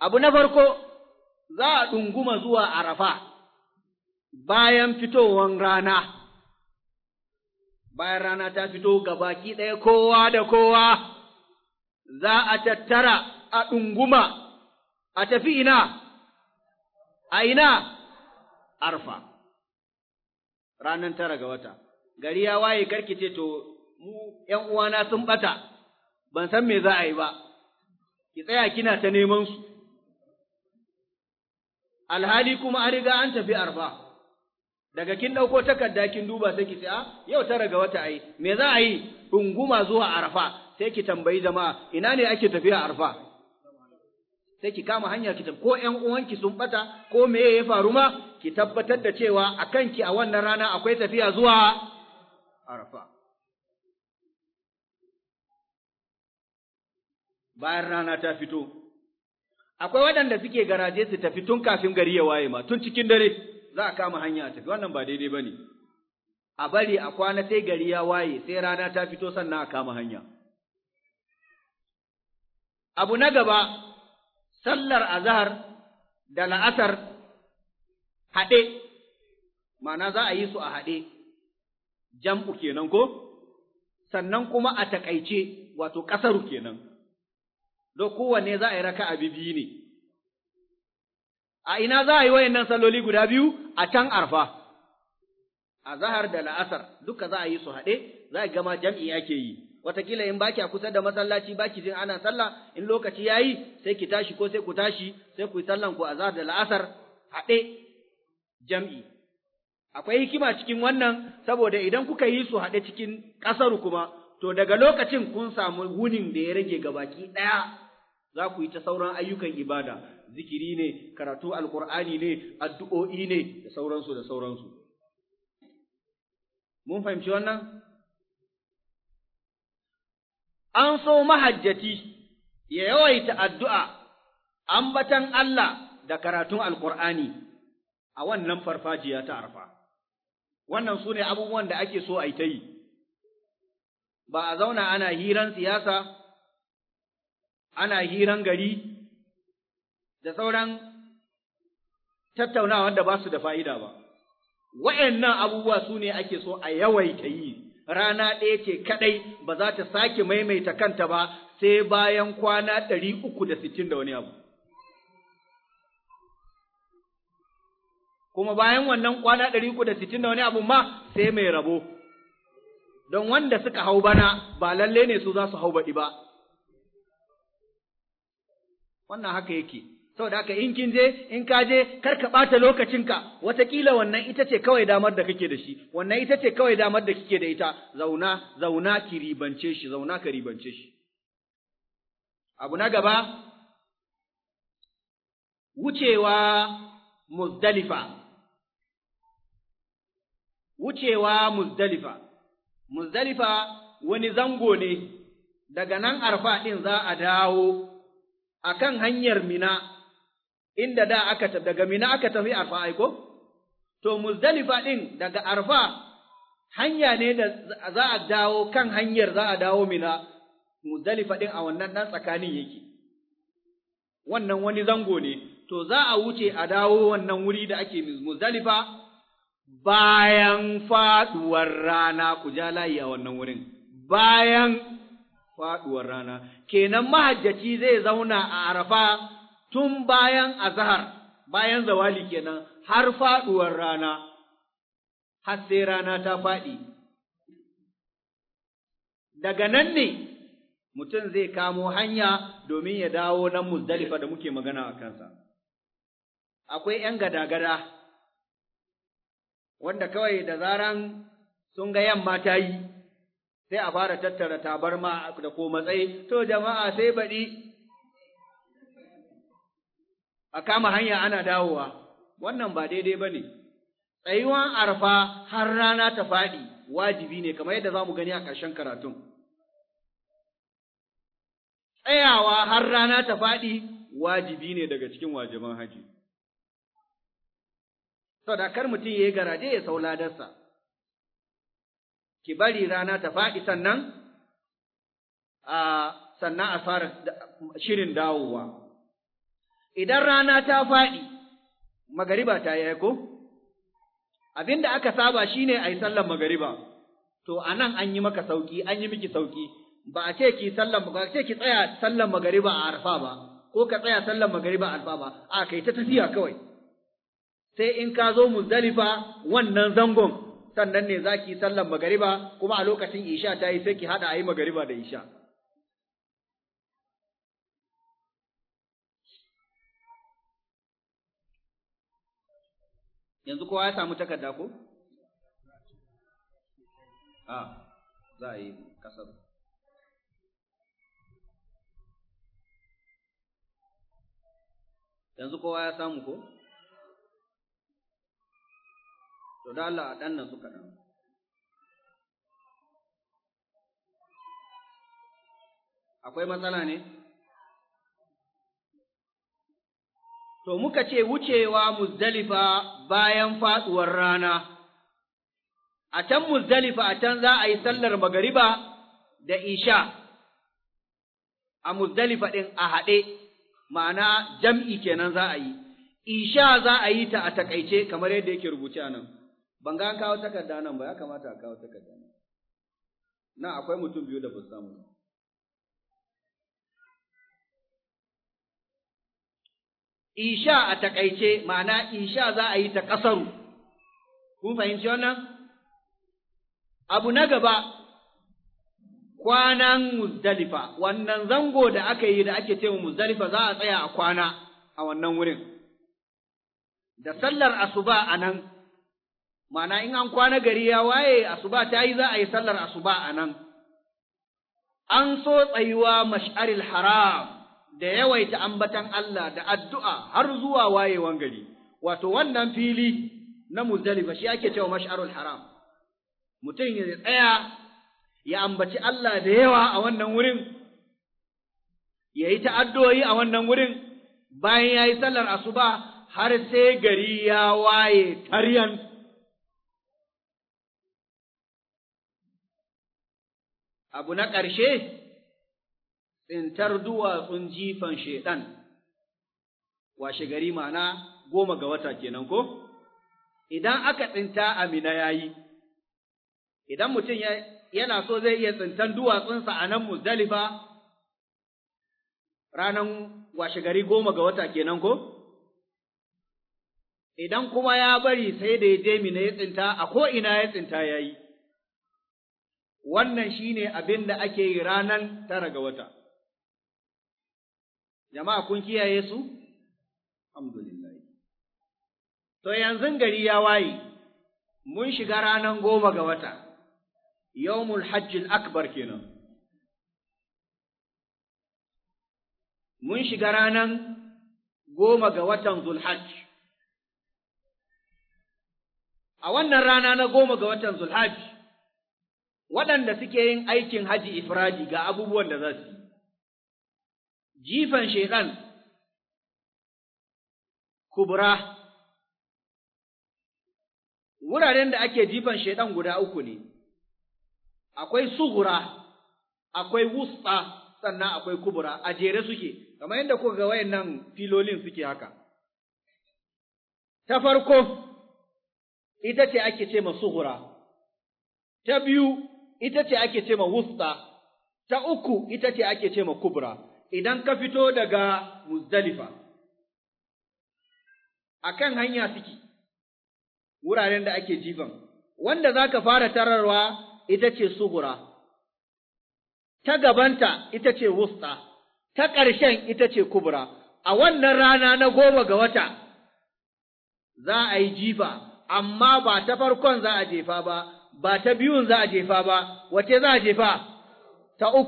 Abu na farko, za a ɗunguma zuwa Arafa bayan fitowar rana, bayan rana ta fito ga baki ɗaya kowa da kowa, za a tattara a ɗunguma, a tafi ina, a ina, Arfa, ranar tara ga wata, gari ya waye karkice to, mu ’yan uwana sun ɓata, ban san me za a yi ba, ki tsaya kina ta neman su. alhali kuma an riga an tafi arfa daga kin ɗauko takarda kin duba sai ki ce a ah, yau tara ga wata ai me za a yi ɗunguma zuwa arafa. sai ki tambayi jama'a ina ne ake tafiya arfa sai ki kama hanya ki ko ƴan uwanki sun bata ko me ya faru ma ki tabbatar da cewa a kanki a wannan rana akwai tafiya zuwa arfa bayan rana ta fito akwai waɗanda suke garaje su tafi tun kafin gari ya waye ma tun cikin dare za a kama hanya a tafi wannan ba daidai bane a bari a kwana sai gari ya waye sai rana ta fito sannan a kama hanya abu na gaba sallar azahar da la'asar haɗe ma'ana za a yi su a haɗe jam'u kenan ko sannan kuma a takaice wato ƙasaru kenan Do kowanne za a yi raka'a biyu ne. A ina za a yi wayannan salloli guda biyu a can arfa, a zahar da la'asar duka za a yi su haɗe, za a gama jam'i ake yi. Wataƙila in baki a kusa da masallaci baki jin ana sallah in lokaci ya yi sai ki tashi ko sai ku tashi sai ku yi sallan ku a zahar da la'asar haɗe jam'i. Akwai hikima cikin wannan saboda idan kuka yi su haɗe cikin ƙasar kuma to daga lokacin kun samu wunin da ya rage gabaki ɗaya za ku yi ta sauran ayyukan ibada zikiri ne karatu alkur'ani ne addu'o'i ne da sauransu da sauransu mun fahimci wannan an so mahajjati ya yawaita addu'a ambatan Allah da karatun alkur'ani a wannan farfajiya ta arfa wannan su ne abubuwan da ake so a yi ta yi ba a zauna ana hiran siyasa ana hiran gari da sauran tattaunawa da ba su da fa'ida ba. Wa'yannan abubuwa su ne ake so a yawaita yi, rana ɗaya ce kaɗai ba za ta sake maimaita kanta ba sai bayan kwana ɗari uku da sittin da wani abu. Kuma bayan wannan kwana ɗari uku da sittin da wani abu ma sai mai rabo, don wanda suka hau bana ba lalle ne su za su hau baɗi ba. wannan haka yake saboda haka in kin je in ka je kar ka ɓata lokacinka wataƙila wannan ita ce kawai damar da kake da shi wannan ita ce kawai damar da kike da ita zauna zauna ki ribance shi zauna ka ribance shi abu na gaba wucewa muzdalifa wucewa muzdalifa muzdalifa wani zango ne daga nan arfa ɗin za a dawo a kan hanyar mina, inda da aka tafi, daga mina aka tafi arfa aiko? To, Muzdalifa ɗin daga arfa hanya ne da za a dawo kan hanyar za a dawo mina, Muzdalifa ɗin a wannan ɗan tsakanin yake. Wannan wani zango ne, to za a wuce a dawo wannan wuri da ake Muzdalifa bayan faɗuwar rana ku ja layi a wannan wurin, bayan faɗuwar rana kenan mahajjaci zai zauna a arafa tun bayan azahar bayan zawali kenan har faɗuwar rana har sai rana ta faɗi daga nan ne mutum zai kamo hanya domin ya dawo nan muzdalifa da muke magana a kansa. Akwai ’yan gada-gada, wanda kawai da zaran sun ga yamma ta yi, sai a fara tattara tabarma da ko matsayi, to jama'a sai baɗi a kama hanya ana dawowa, wannan ba daidai ba ne, tsayuwan arfa har rana ta faɗi wajibi ne kamar yadda za mu gani a ƙarshen karatun. Tsayawa har rana ta faɗi wajibi ne daga cikin wajiban haji. Sau da kar mutum ya yi garaje ya sau ladarsa. ki bari rana ta faɗi sannan a sannan a fara shirin dawowa idan rana ta faɗi magariba ta yi ko abin da aka saba shine a yi sallan magariba to a nan an yi maka sauki an yi miki sauki ba a ce ki sallan ba ce ki tsaya sallan magariba a arfa ba ko ka tsaya sallan magariba a arfa ba a kai ta tafiya kawai sai in ka zo muzdalifa wannan zangon sannan ne za ki sallan magariba kuma a lokacin isha ta yi sai ki haɗa a yi magariba da isha. Yanzu kowa ya samu takarda ko? A, za a yi kasar. Yanzu kowa ya samu ko? to da Allah a ɗan suka ɗan. Akwai matsala ne? To muka ce wucewa Muzdalifa bayan faɗuwar rana, a can Muzdalifa a can za a yi sallar magariba da isha, a Muzdalifa ɗin a haɗe, ma'ana jam'i kenan za a yi, isha za a yi ta a taƙaice kamar yadda yake rubuce a nan. ban ga an kawo takarda nan ba ya kamata a kawo takarda nan na akwai mutum biyu da ba samu isha a takaice ma'ana isha za a yi ta ƙasaru kun fahimci wannan abu na gaba kwanan muzdalifa wannan zango da aka yi da ake cewa muzdalifa za a tsaya a kwana a wannan wurin da sallar asuba a nan Ma'ana in an kwana gari ya waye asuba ta yi za a yi sallar asuba a nan. An so tsayuwa mash'aril haram da yawaita ambatan Allah da addu'a har zuwa wayewan gari, wato wannan fili na Muzdalifa shi ake cewa mash'arul haram. Mutum ya tsaya ya ambaci Allah da yawa a wannan wurin, ya yi ta'addoyi a wannan wurin, bayan ya yi sallar asuba har sai gari ya waye taryan. abu na ƙarshe, tsintar duwatsun jifan shaiɗan, washe gari mana goma ga wata kenan ko? Idan aka tsinta amina ya yi, idan mutum yana so zai iya tsintan duwatsunsa a nan Muzdalifa ranar washe gari goma ga wata kenan ko? Idan kuma ya bari sai da ya je mina ya tsinta a ko'ina ya tsinta ya yi. wannan shi ne abin da ake yi ranar tara ga wata. Jama'a kun kiyaye su? Alhamdulillah. To yanzu gari ya waye, mun shiga ranar goma ga wata, yawmul hajjil akbar kenan. Mun shiga ranar goma ga watan Zulhajj. A wannan rana na goma ga watan Zulhajj, waɗanda suke yin aikin haji ifradi ga abubuwan da za su jifan shekan kubra, wuraren da ake jifan shaiɗan guda uku ne, akwai suhura, akwai wusta, sannan akwai kubura, a jere suke, kamar yadda kuka ga nan filolin suke haka. Ta farko, ita ce ake ce ma suhura, ta biyu ita ce ake ce ma wusta, ta uku ita ce ake ce ma kubra, idan ka fito daga Muzdalifa, a kan hanya suke, wuraren da ake jifan, wanda za ka fara tararwa ita ce suhura, ta gabanta ita ce wusta, ta ƙarshen ita ce kubra, a wannan rana na goma ga wata za a yi jifa, amma ba ta farkon za a jefa ba. ba ta biyun za a jefa ba, wace za a jefa? Ta uku.